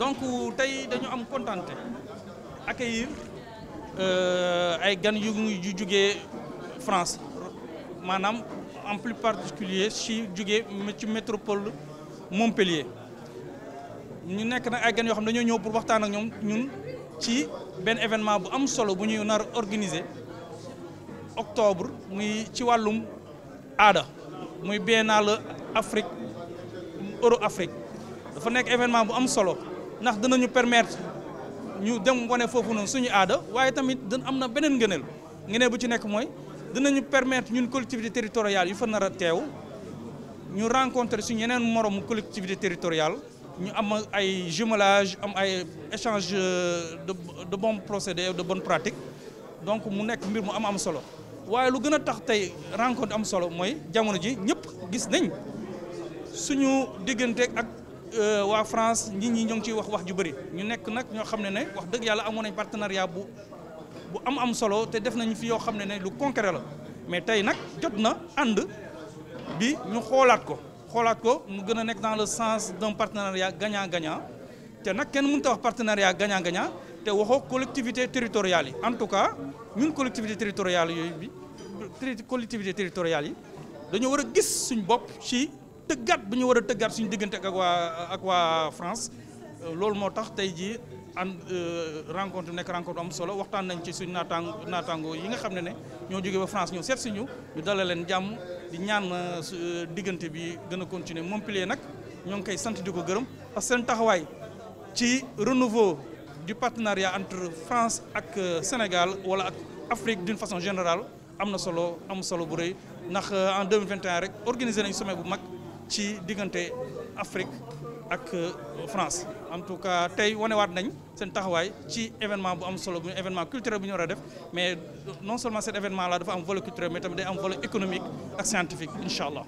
donc tey dañu am kontante accueillir euh, ay gan yu yu jugee France maanaam en plus particulier ci jugee ci métropole Montpellier ñu nekk nag ay gan yoo xam dañoo ñëw pour waxtaan ak ñoom ñun ci benn événement bu am solo bu ñuy nar organiser octobre muy ci wàllum aada muy biennale Afrique Euro Afrique dafa nekk événement bu am solo ndax dinañu permettre ñu dem wane foofu noonu suñu aada waaye tamit dina am na beneen ngëneel ngëneel bu ci nekk mooy dinañu permettre ñun collectivité territoriale yu fa nar a teew ñu rencontrer suñu yeneen moromu collectivité territoriale ñu am ay jumelage am ay échange euh, de de bons procédés de bonnes pratique donc mu nekk mbir mu am am solo waaye lu gën a tax tey rencontre am solo mooy jamono ji ñëpp gis nañ suñu diggante ak euh, waa France nit ñi ñoo ngi ciy wax wax ju bëri ñu nekk nag ñoo xam ne ne wax dëgg yàlla amoon nañ partenariat bu bu am am solo te def nañ fi yoo xam ne ne lu concret la mais tey nag jot na ànd bi ñu xoolaat ko xoolaat ko mu gën a nekk dans le sens d'un partenariat gagnant gagnant te nag kenn mënut a wax partenariat gagnant gagnant te waxoo collectivité territoriale yi en tout cas ñun collectivité territoriale yooyu collectivités territoriales yi dañoo war a gis suñ bopp ci tëggaat bu ñu war a tëggaat suñu diggante ak waa ak waa France euh, loolu moo tax tey jii ànd euh, rencontre nekk rencontre am solo waxtaan nañ ci suñ naataango naataango yi nga xam ne ne ñoo jógee ba France ñoo seet si ñu ñu dalal leen jàmm di ñaan euh, diggante bi gën continuer Montpellier nag ñoo ngi koy sant di ko gërëm parce que seen taxawaay ci renouveau du partenariat entre France ak Sénégal wala ak Afrique d'une façon générale am na solo am solo bu rëy ndax euh, en 2021 rek organiser nañu sommet bu mag ci diggante Afrique ak euh, France en tout cas tey wanewaat nañ seen taxawaay ci événement bu am solo bu événement culturel bu ñu war a def mais non seulement cet événement là dafa am volet culturel mais tamit day am volet économique ak scientifique incha allah.